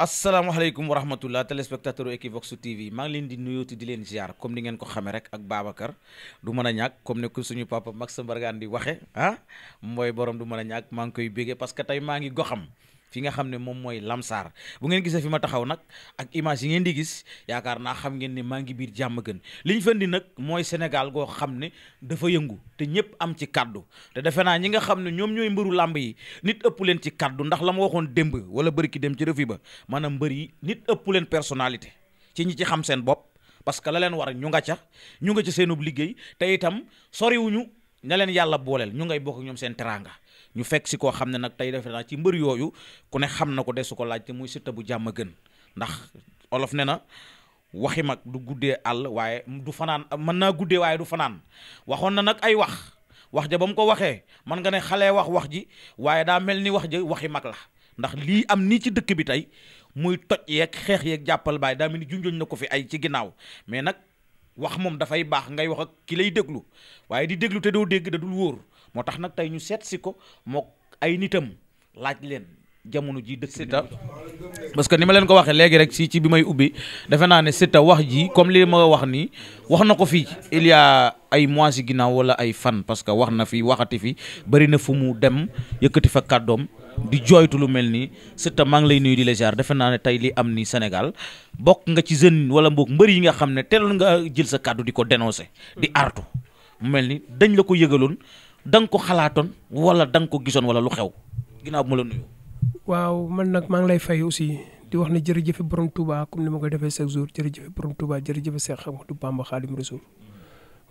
asalaamaaleykum wa rahmatullah téléspectateur Equivox TV maa ngi leen di nuyooti di leen ziar comme ni ngeen ko xamee rek ak Babacar du mën a ñàkk comme ne ko suñu papa Max Mbargane di waxe ah mooy borom du mën a ñàkk maa ngi koy béggee parce que tey maa ngi goxam fi nga xam ne moom mooy Lamsar bu ngeen gisee fi ma taxaw nag ak image yi ngeen di gis yaakaar naa xam ngeen ni maa ngi biir jàmm gën li ñu fandi nag mooy Sénégal goo xam ne dafa yëngu te ñëpp am ci kàddu te defe naa ñi nga xam ne ñoom ñooy mbëru làmb yi nit ëpp leen ci kàddu ndax la ma waxoon démb wala bëri ki dem ci refi ba maanaam mbër yi nit ëpp leen personnalité ci ñi ci xam seen bopp parce que la leen war ñu nga ca ñu nga ca seenub liggéey te itam soriwuñu ña leen yàlla booleel ñu ngay bokk ñoom seen teraanga ñu fekk si ko xam ne nag tey defe naa ci mbër yooyu ku ne xam na ko desu ko laajte muy Siteu bu jàmm gën ndax olof ne na waxi mag du guddee àll waaye du fanaan mën naa guddee waaye du fanaan waxoon na nag ay wax wax ja ba mu ko waxee mën nga ne xale wax wax ji waaye daa mel ni wax ja waxi mag la ndax lii am nii ci dëkk bi tey muy toj yeeg xeex yeeg jàppal baay daa mel ni junjoñ na ko fi ay ci ginnaaw mais nag wax moom dafay baax ngay wax ak ki lay déglu waaye di déglu te doo dégg da dul wóor moo tax nag tey ñu seet si ko mook ay nitam laaj leen jamono ji dëkk Siteu parce que ni ma leen ko waxee léegi rek si ci bi may ubbi defe naa ne Siteu wax ji comme li ma wax nii wax na ko fii il ay mois si ginnaaw wala ay fan parce que wax na fi waxati fi bari na fu mu dem yëkkati fa kàddoom di jooytu lu mel nii Siteu maa lay nuyu di la jaar defe naa ne tey li am ni Sénégal bokk nga ci jeune wala mboog mbër yi nga xam ne teel nga jël sa kàddu di ko dénoncer. di artu mu mel ni dañ la ko yëgaloon. da ko xalaatoon wala da nga ko gisoon wala lu xew ginnaaw bu ma la nuyoo. waaw man nag maa ngi lay fay aussi di wax ne jërëjëf borom Touba comme ni ma koy defee chaque jour jërëjëf borom Touba jërëjëf Cheikh Ahmadou Bamba Khadim Rassoul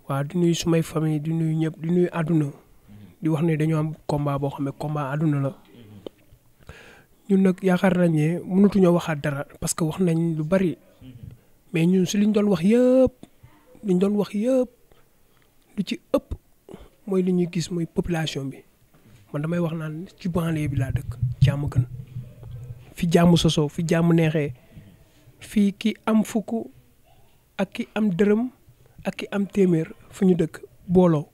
waaw di nuyu sumay famille di nuyu ñëpp di nuy àdduna di wax ne dañoo am combat boo xam ne combat àdduna la. ñun nag yaakaar nañ ne mënatuñoo waxaat dara parce que wax nañ lu bari mais ñun si liñ doon wax yëpp liñ doon wax yëpp lu ci ëpp mooy li ñuy gis muy population bi man damay wax naan ci banlieue bi laa dëkk jàmm gën fi jàmm sosoo fi jàmm neexee fii ki am fukk ak ki am dërëm ak ki am téeméer fu ñu dëkk booloo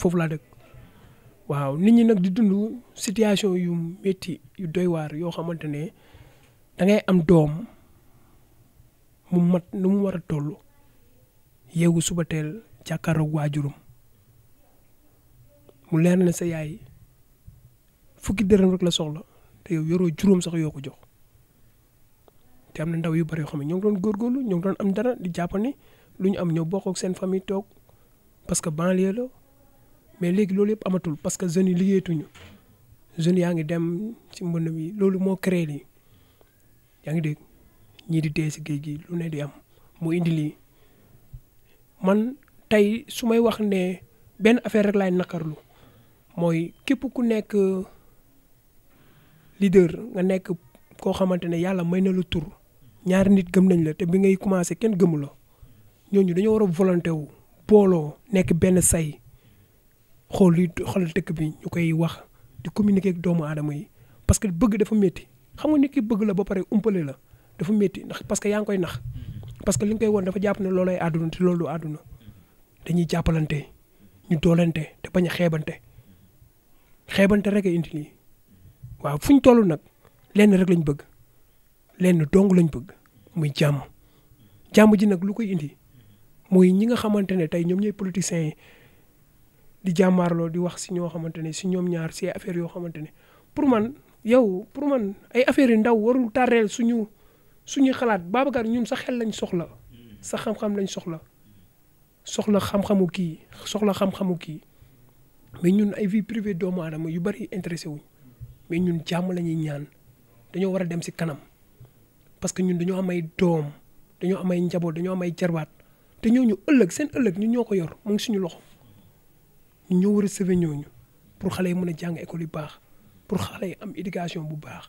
foofu laa dëkk waaw nit ñi nag di dund situation yu métti yu doy waar yoo xamante ne da am doom mu mat nu mu war a toll yeewu suba teel jàkkaaroog waajurum mu leer na sa yaay fukki dërëm rek la soxla te yow yoroo juróom sax yoo ko jox te am na ndaw yu bari yoo xam ne ñoo ngi doon góorgóorlu ñoo ngi doon am dara di jàpp ne lu ñu am ñëw bokk seen famille toog parce que banlieue la mais léegi loolu yëpp amatul parce que jeunes yi liggéeyatuñu jeunes yaa ngi dem ci mbënd mi loolu moo créé yaa ngi dégg ñii di si géej gi lu di am moo indi lii man tey su may wax ne benn affaire rek laay naqarlu mooy képp ku nekk leader nga nekk koo xamante ne yàlla may na lu tur ñaari nit gëm nañ la te bi ngay commencé kenn gëmu la ñooñu dañoo war a volonté wu booloo nekk benn say xool li xol tëkk bi ñu koy wax di communiquer ak doomu aadama yi parce que bëgg dafa métti xam nga nit ki bëgg la ba pare umpale la dafa métti ndax parce que yaa ngi koy nax parce que li nga koy woon dafa jàpp ne loolay àdduna te loolu àdduna dañuy jàppalante ñu doolante te bañ a xeebante xeebante rek a indi lii waaw fu ñu toll nag lenn rek lañ bëgg lenn dong lañ bëgg muy jàmm jàmm ji nag lu koy indi mooy ñi nga xamante ne tey ñoom ñooy politiciens yi di jàmmaarloo di wax si ñoo xamante ne si ñoom ñaar si affaire yoo xamante ne pour man yow pour man ay affaires yu ndaw warul tàrreel suñu suñu xalaat Babacar ñun sa xel lañ soxla sa xam-xam lañ soxla soxla xam-xamu kii soxla xam-xamu kii mais ñun ay vie privée doomu aadama yu bëri intéressé wuñ mais ñun jàmm la ñuy ñaan dañoo war a dem si kanam parce que ñun dañoo am ay doom dañoo am ay njaboot dañoo am ay jarbaat te ñu ëllëg seen ëllëg ñun ñoo ko yor mu ngi suñu loxo ñun ñoo war a sauver ñooñu pour xale yi mën a jàng école yu baax pour xale yi am éducation bu baax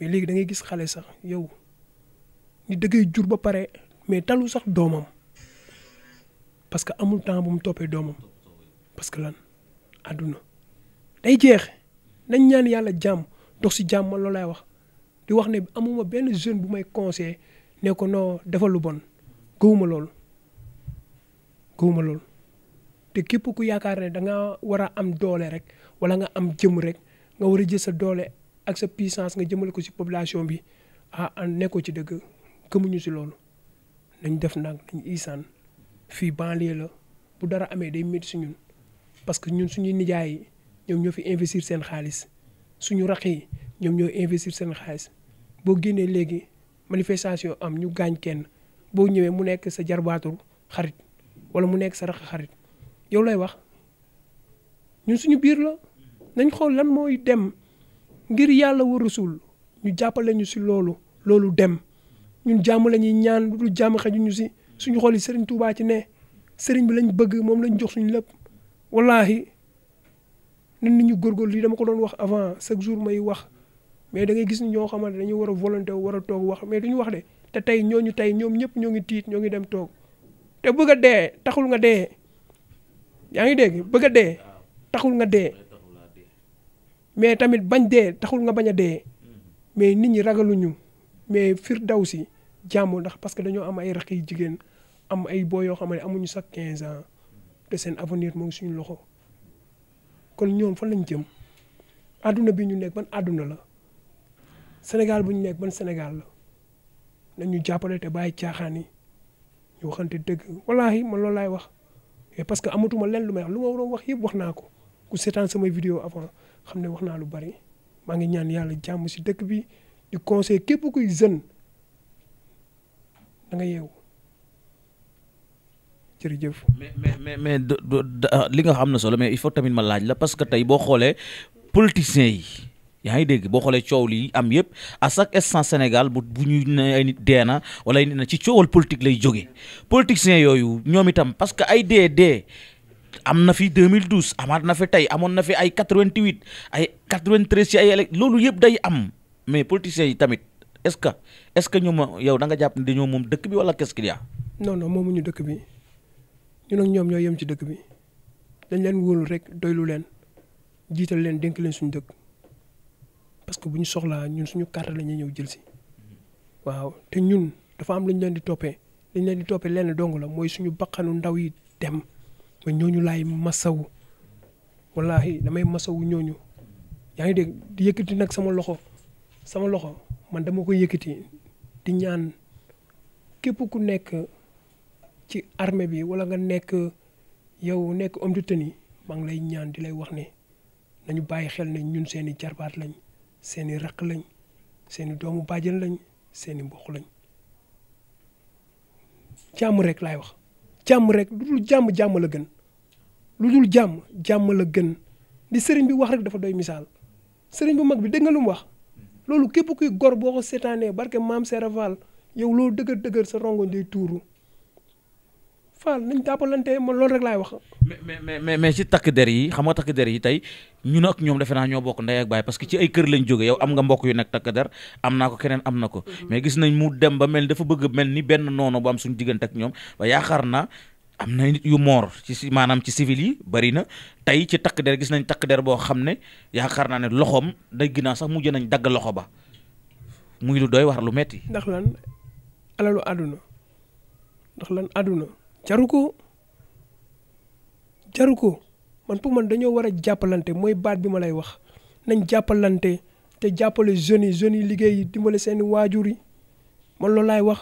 mais léegi da ngay gis xale sax yow ni dëggay jur ba pare mais talu sax doomam parce que amul temps bu mu toppee doomam. parce que lan àdduna day jeex nañ ñaan yàlla jàmm dox si jàmm man loolu laay wax di wax ne amuma benn jeune bu may conseillé ne ko non defal lu bon gëwuma loolu gëwuma loolu te képp ku yaakaar ne danga war a am doole rek wala nga am jëmm rek nga war a jël sa doole ak sa puissance nga jëmale ko si population bi ah, ah nekkoo ci dëgg këmuñu si loolu nañ def nag nañ isaan fii banlieue la bu dara amee day métti si ñun. parce que ñun suñuy nijaay yi ñoom ñoo fi investir seen xaalis suñu rax yi ñoom ñoo investir seen xaalis boo génnee léegi manifestation am ñu gaañ kenn boo ñëwee mu nekk sa jarbaatu xarit wala mu nekk sa raq xarit yow lay wax ñun suñu biir la nañ xool lan mooy dem ngir yàlla war rasul ñu jàppale ñu si loolu loolu dem ñun jàmm la ñuy ñaan lu jàmm xeju si suñu xool yi sëriñ Tuubaa ci ne sëriñ bi lañ bëgg moom lañ jox suñu lépp wallaahi nan nit ñu góorgóorlu lii dama ko doon wax avant chaque jour may wax mais da ngay gis ñoo xamante dañu war a volonté war a toog wax mais du ñu wax de te tey ñooñu tey ñoom ñëpp ñoo ngi tiit ñoo ngi dem toog te bëgg a dee taxul nga dee yaa ngi dégg bëgg a dee taxul nga dee mais tamit bañ dee taxul nga bañ a dee mais nit ñi ragaluñu mais daw si jàmm ndax parce que dañoo am ay rakk yu jigéen am ay boo yoo xam ne amuñu sax quinze ans. te seen avenir moo ngi suñu loxo kon ñoom fan lañ jëm àdduna bi ñu nekk ban àdduna la Sénégal bu ñu nekk ban Sénégal la ñu jàppale te bàyyi caaxaan yi ñu waxante dëgg wallaahi ma loolu laay wax et parce que amatuma leen lu may wax lu ma waroon wax yëpp wax naa ko ku seetaan samay vidéo avant xam ne wax naa lu bari maa ngi ñaan yàlla jàmm si dëkk bi di conseil képp kuy jeune danga nga jërëjëf. mais mais mais ah, li nga xam na solo mais il faut tamit ma laaj la parce que tey boo xoolee politiciens yi. yaa ngi dégg boo xoolee coow li am yëpp à chaque instant Sénégal bu bu ñu ne ay nit dee na wala ay nit na ci coowal politique lay jógee politiciens yooyu ñoom itam parce que ay dee dee am na fi 2012 amaat na fi tey amoon na fi ay 88 ay 93 ci ay élec loolu yëpp day am mais politiciens yi tamit est-ce que est-ce que ñoom yow da nga jàpp ne dañoo moom dëkk bi wala qu'est-ce qu'il y a. non non moomuñu dëkk bi. ñun nag ñoom ñoo yem ci dëkk bi dañ leen wóolu rek doylu leen jiital leen dénk leen suñu dëkk parce que bu ñu soxlaa ñun suñu carte la ñuy ñëw jël si waaw te ñun dafa am lañ ñu leen di toppee li ñu leen di toppee lenn dong la mooy suñu baqanu ndaw yi dem ba ñooñu laay masawu wallahi damay masawu ñooñu yaa ngi dégg di yëkkati nag sama loxo sama loxo man dama ko yëkkati di ñaan képp ku nekk. ci armée bi wala nga nekk yow nekk om de tenue maa ngi lay ñaan di lay wax ne nañu bàyyi xel ne ñun seeni jarbaat lañ seeni raq lañ seeni doomu bàjjen lañ seeni mbokk lañ jàmm rek laay wax jàmm rek lu dul jàmm jàmm la gën lu dul jàmm jàmm la gën li sëriñ bi wax rek dafa doy misaal sëriñ bu mag bi dégg nga lu wax loolu képp kuy gor boo ko seetaanee barke maam Serafal yow loolu dëgër dëgër sa rongoñ day tuuru faal nañ jàppalante ma loolu rek laay wax. mais mais mais mais ci takk der yi xam nga takk der yi tey ñun ak ñoom defe naa ñoo bokk ndey ak baay parce que ci ay kër lañ jóge yow am nga mbokk yu nekk takk der am naa ko keneen am na ko. Mhm. mais gis nañ mu dem ba mel ni dafa bëgg mel ni benn noonu bu am suñu diggante ak ñoom ba yaakaar naa am na nit yu moor ci si maanaam ci civil yi bëri na tey ci takk der gis nañ takk der boo xam ne yaakaar naa ne loxoom dégg naa sax mujj nañ dagg loxo ba muy lu doy war lu metti ndax lan alalu àdduna ndax lan àdduna jaru ko jaru ko man pour man dañoo war a jàppalante mooy baat bi ma lay wax nañ jàppalante te jàppale jeunes yi jeunes yi liggéey yi dimbale seeni waajur yi man loolu laay wax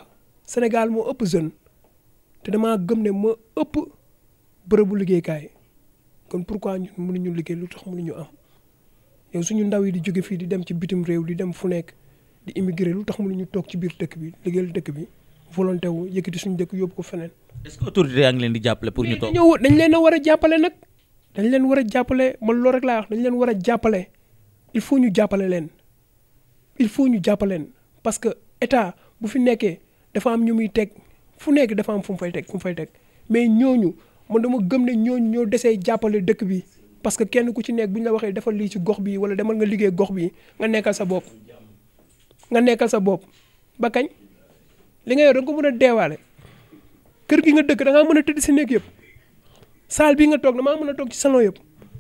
Sénégal moo ëpp jeune te damaa gëm ne moo ëpp bërëbu liggéeykaay kon pourquoi ñun mënuñu liggéey lu tax mënuñu am yow suñu ndaw yi di jóge fii di dem ci bitim réew di dem fu nekk di immigré lu tax mënuñu toog ci biir dëkk bi liggéeyal dëkk bi. volonté wu yëkkati suñu dëkk yóbbu ko feneen. est-ce que autorité leen di jàppale pour ñu toog ñëw leen a war a jàppale nag dañ leen war a jàppale man loolu rek dañ leen war a jàppale il faut ñu jàppale leen il faut ñu jàppaleen leen parce que état bu fi nekkee dafa am ñu muy teg fu nekk dafa am fu mu fay teg fu mu fay teg mais ñooñu man dama gëm ne ñooñu ñoo desee jàppale dëkk bi parce que kenn ku ci nekk bu ñu la waxee defal lii ci gox bi wala demal nga liggéey gox bi nga nekkal sa bopp nga nekkal sa bopp ba kañ li nga yor da ko mën a deewaale kër gi nga dëkk da ngaa mën a tëdd si néeg yëpp saal bi nga toog damaa mën a toog ci salon yëpp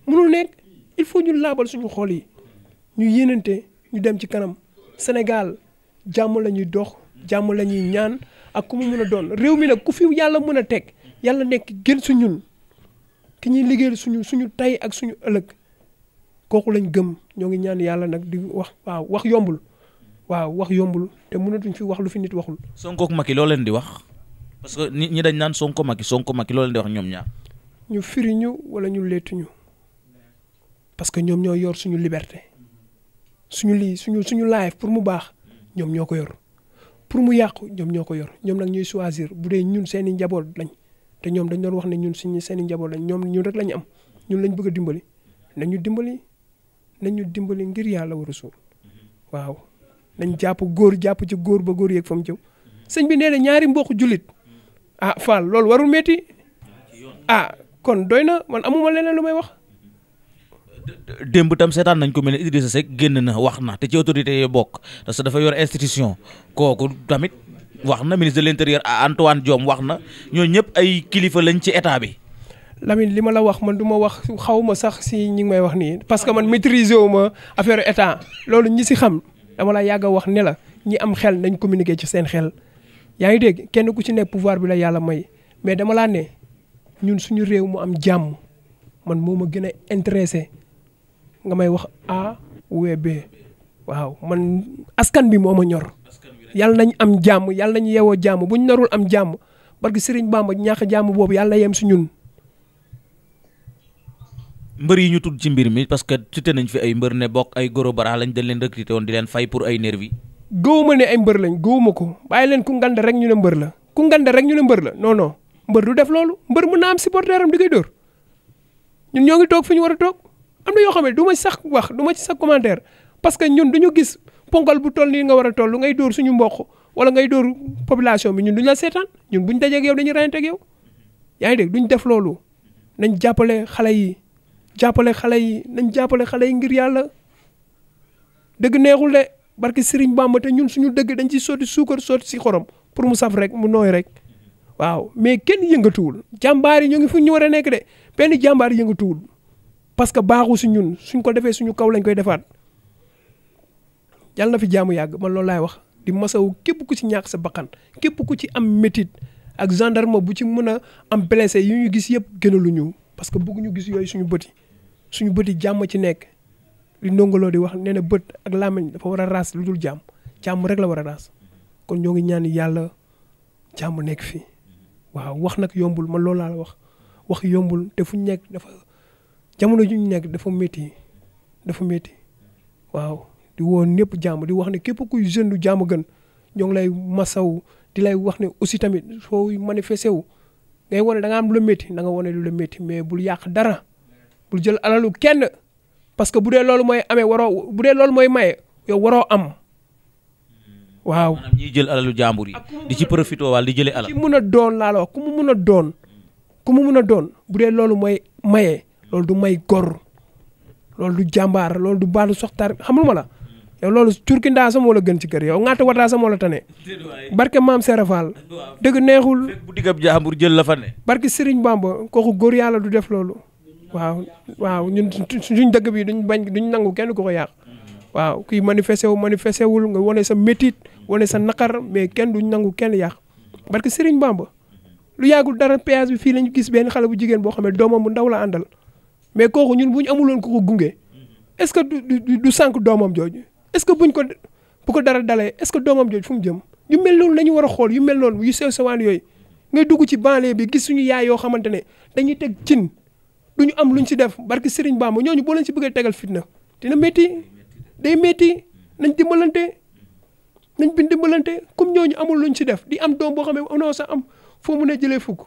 mënul nekk il faut ñu laabal suñu xool yi ñu yéenante ñu dem ci kanam Sénégal jàmm lañuy dox jàmm lañuy ñaan ak ku mu mën a doon réew mi nag ku fi yàlla mën a teg yàlla nekk gën su ñun ki ñuy liggéey suñu suñu tay ak suñu ëllëg kooku lañ gëm ñoo ngi ñaan yàlla nag di wax waaw wax yombul waaw wax yombul te mënatuñ fi wax lu fi nit waxul. Sonko ak Macky loo leen di wax parce que nit ñi dañ naan Sonko Macky Sonko Macky loo leen di wax ñoom ñaar. ñu firi ñu wala ñu leetuñu parce que ñoom ñoo yor suñu liberté suñu lii suñu suñu life pour mu baax ñoom ñoo ko yor pour mu yàqu ñoom ñoo ko yor ñoom nag ñuy choisir bu dee ñun seen i njaboot lañ te ñoom dañ doon wax ne ñun suñu seen i njaboot lañ ñoom ñun rek lañu am ñun lañ bëgg dimbali nañu dimbali nañu dimbali ngir yàlla war a suur nañ jàpp góor jàpp ci góor ba góor yeeg fa mu jëm sëñ bi nee na ñaari mbokk jullit ah Fall loolu warul metti ah kon doy na man amuma leneen lu may wax. démb tam seetaan nañ ko mel ne Idrissa Seck génn na wax na te ci autorité yi bokk parce que dafa yor institution kooku tamit wax na ministre de l'intérieur Antoine joom wax na ñoo ñëpp ay kilifa lañ ci état bi. Lamine li ma la wax man du ma wax xaw ma sax si ñi ngi may wax nii parce que man maîtriser wu ma affaire état loolu ñi si xam. dama la yàgg wax ne la ñi am xel nañ communiquer ci seen xel yaa ngi dégg kenn ku ci nekk pouvoir bi la yàlla may mais dama laa ne ñun suñu réew mu am jàmm man moom a gën a intéressé nga may wax A ou B waaw man askan bi moom a ñor yàlla nañ am jàmm yàlla nañ yeewoo jàmm buñ narul am jàmm parce que Serigne Bamba ñàkk jàmm boobu yàlla yem si ñun. mbër yi ñu tudd ci mbir mi parce que cité nañ fi ay mbër ne bokk ay goro bara lañ dañ leen recruté woon di leen fay pour ay nervi gëwuma ne ay mbër lañ gëwuma ko bàyyi leen ku ngande rek ñu ne mbër la ku rek ñu ne mbër la non non mbër du def loolu mbër mën naa am supporter am di koy dóor ñun ñoo ngi toog fi ñu war a toog am na yoo xam ne du ma sax wax du ma ci sax commentaire parce que ñun duñu gis ponkal bu toll nii nga war a toll ngay dóor suñu mboq wala ngay dóor population bi ñun duñ la seetaan ñun buñ dajeeg yow dañuy rayante ak yow yaa ngi dégg duñ def loolu nañ jàppale xale yi jàppale xale yi nañ jàppale xale yi ngir yàlla dëgg neexul de barke Serigne Bamba te ñun suñu dëgg dañ ci sotti suukar sotti si xorom pour mu saf rek mu nooy rek waaw mais kenn yëngatuwul jàmbaar yi ñu ngi fu ñu war nekk de benn jàmbaar yëngatuwul parce que baaxu si ñun suñ ko defee suñu kaw lañ koy defaat yàlla na fi jaamu yàgg ma loolu laay wax di masawu képp ku ci ñàkk sa bakkan képp ku ci am métit ak gendarme bu ci mën a am blessé yu ñu gis yëpp gënaluñu parce que bëgguñu gis yooyu suñu bët yi suñu bët yi jàmm ci nekk di ndongoloo di wax ne na bët ak làmmiñ dafa war a ras lu dul jàmm jàmm rek la war a ras kon ñoo ngi ñaan yàlla jàmm nekk fii waaw wax nag yombul ma loolu laa wax wax yombul te fu nekk dafa jamono ju ñu nekk dafa métti dafa métti waaw di woo ñëpp jàmm di wax ne képp kuy jeune du jàmm gën ñoo ngi lay masaw di lay wax ne aussi tamit soo manifesté wu ngay wane danga am lu la métti da nga wane lu la métti mais bul yàq dara. bul jël alalu kenn parce que bu dee loolu mooy amee waroo bu dee loolu mooy maye yow waroo am waaw. maanaam jël alalu jàmbur yi. di ci profité wala di jëlee alal. ci mun doon laa wax ku mu mun a doon ku mu mun a doon bu dee loolu mooy maye loolu du may gor loolu du jàmbaar loolu du baalu soxtaar ma la. yow loolu curki ndaa sa la gën ci kër yow ŋaata wataa sa moo la tane barke maam Serafal dëgg neexul bu diggab jaambur jël la fa ne barke Serigne Bamba kooku góor yàlla du def loolu waaw waaw ñun suñ dëkk bi duñ bañ duñ nangu kenn ku ko yàq waaw kuy manifesté wu manifesté wul nga wane sa métit wane sa naqar mais kenn duñ nangu kenn yàq parce que Serigne Bamba lu yàggul dara péage bi fii lañu gis benn xale bu jigéen boo xam ne doomam bu ndaw la àndal mais kooku ñun bu ñu amuloon ku ko gunge est-ce que du du sànq doomam jooju est-ce que buñ ko bu ko dara dalee est-ce que doomam jooju fu mu jëm yu mel noonu la ñu war a xool yu mel noonu yu sew sewaan yooyu nga dugg ci banlieue bi gis suñu yaay yoo xamante ne dañuy teg cin du ñu am lu ñu si def barki Serigne Bamba ñooñu boo leen si bëggee tegal fitna na métti day métti nañ dimbalante nañ bin dimbalante comme ñooñu amul lu ñu si def di am doom boo xam ne non sax am foo mun a jëlee fukk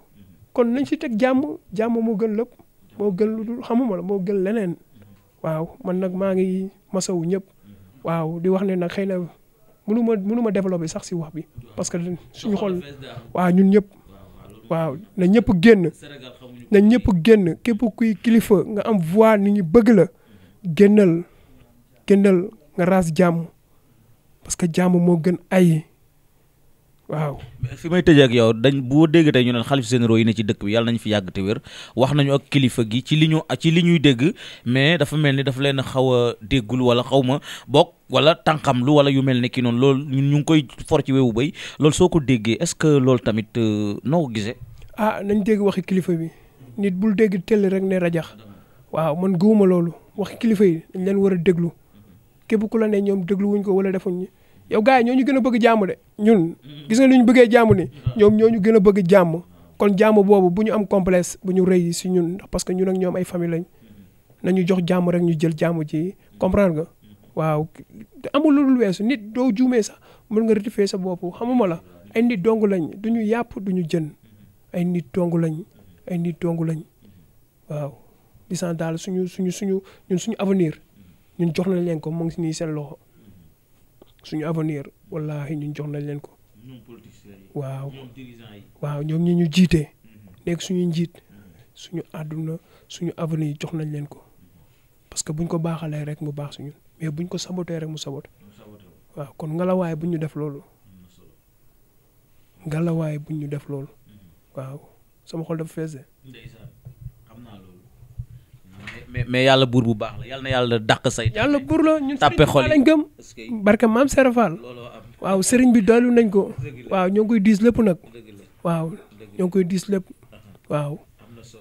kon nañ si teg jàmm jàmm moo gën lépp moo gën lu dul xamuma la moo gën leneen waaw man nag maa ngi masawu ñëpp waaw di wax ne nag xëy na mënu ma mënu ma développé sax si wax bi parce que suñu xool waaw ñun ñëpp waaw na ñëpp génn. na ñëpp génn képp kuy kilifa nga am voix ni ñu bëgg la génnal génnal nga raas jàmm parce que jàmm moo gën ay waaw. fi may tëjee ak yow dañ boo dégg tey ñu naan xalif généraux yi ne ci dëkk bi yàlla nañ fi yàgg te wax nañu ak kilifa gi ci li ñu ci li ñuy dégg mais dafa mel ni dafa leen xaw a déggul wala xaw ma bokk wala tànqamlu wala yu mel ne kii noonu lool ñu ngi koy for ci wewu bay lool soo ko déggee est-ce que loolu tamit euh, noo ko gisee. ah nañ dégg waxi kilifa bi. nit bul dégg tëll rek ne rajax waaw man gëwuma loolu wax kilifa yi dañ leen war a déglu képp ku la ne ñoom déglu wuñ ko wala defuñ ñu yow gars ñoo ñu gën a bëgg jàmm de ñun gis nga ni ñu bëggee jàmm ni ñoom ñoo ñu gën a bëgg jàmm kon jàmm boobu bu ñu am complexe bu ñu rëy si ñun parce que ñun ak ñoom ay famille lañ nañu jox jàmm rek ñu jël jàmm ji comprendre nga waaw amul lu dul weesu nit doo juumee sax mën nga rectifier sa bopp xamuma la ay nit dong lañ du ñu yàpp du ñu jën ay nit dong lañ ay nit dong lañ waaw lisan daal suñu suñu suñu ñun suñu avenir ñun jox nañ leen ko mu ngi si nii seen loxo suñu avenir wallahi ñun jox nañ leen ko. waaw waaw ñoom ñi ñu jiitee mm-hmm. nekk suñu njiit mm-hmm. suñu àdduna suñu avenir jox nañ leen ko mm-hmm. parce que buñ ko baaxalee rek mu baax suñu mais buñ ko sabotee rek mu sabote waaw kon ngalawaay bu ñu def loolu ngalawaay buñ ñu def loolu waaw. sama xol dafa fees mais mais yàlla buur bu baax la yàlla na yàlla dàq say. yàlla buur la ñun tàppe xol yi lañ gëm. barke maam Serap Fall. waaw sëriñ bi doylu nañ ko. waaw ñoo ngi koy diis lépp nag. waaw ñoo ngi koy diis lépp. Uh-huh. waaw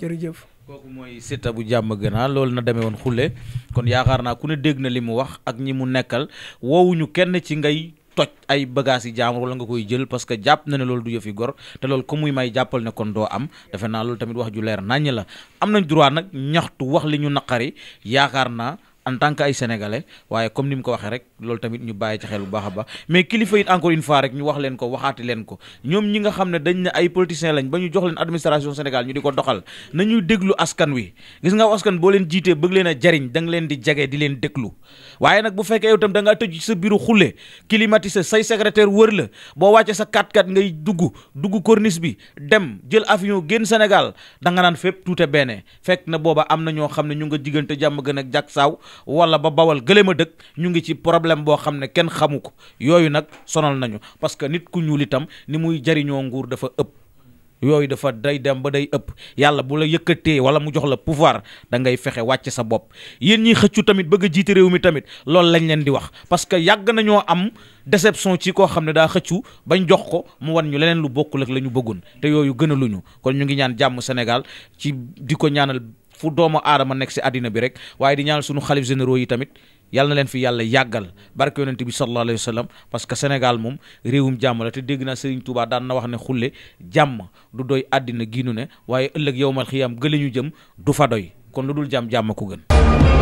jërëjëf. kooku mooy setabu bu jàmm gënaa ah, loolu na demee woon xulle kon yaakaar naa ku ne dégg na li mu wax ak ñi mu nekkal woowuñu kenn ci ngay. toj ay bagages yi jaamur wala nga koy jël parce que jàpp na ne loolu du yëfi gor te loolu ko muy may jàppal ne kon doo am defe naa loolu tamit wax ju leer naññ la am nañ droit nag ñaxtu wax li ñu naqari yaakaar naa en tant que ay sénégalais waaye comme ni mu ko waxee rek loolu tamit ñu bàyyi ci xel bu baax a baax mais kilifa it encore une fois rek ñu wax leen ko waxaati leen ko ñoom ñi nga xam ne dañ ne ay politiciens lañ ba ñu jox leen administration Sénégal ñu di ko doxal nañuy déglu askan wi gis nga askan boo leen jiitee bëgg leen a jariñ da leen di jege di leen déglu waaye nag bu fekkee yow tam da ngaa tëj ci sa bureau xulle climatisé say secrétaire wër la boo wàccee sa 4 x ngay dugg dugg corniche bi dem jël avion génn Sénégal da nga naan fépp tuute benn fekk na booba am na ñoo xam ne ñu nga diggante jàmm gën ak jak saaw wala ba bawal gële ma dëkk ñu ngi ci problème boo xam ne kenn xamu ko yooyu nag sonal nañu parce que nit ku ñuul itam ni muy jariñoo nguur dafa ëpp yooyu dafa day dem ba day ëpp yàlla bu la yëkkatee wala mu jox la pouvoir da ngay fexe wàcc sa bopp yéen ñiy xëccu tamit bëgg a jiite réew mi tamit loolu lañ leen di wax parce que yàgg nañoo am déception ci koo xam ne daa xëccu bañ jox ko mu wan ñu leneen lu bokkul ak la ñu bëggoon te yooyu gënaluñu kon ñu ngi fu doomu aadama nekk si àddina bi rek waaye di ñaanal sunu xalif généraux yi tamit yàlla na leen fi yàlla yàggal barke yonent bi sallallahu alayhi wa sallam parce que moom réewum jàmm la te dégg naa Serigne Touba daan na wax ne xulle jàmm du doy àddina giinu ne waaye ëllëg yowmal xiyaam gële ñu jëm du fa doy kon lu dul jàmm jàmm ko gën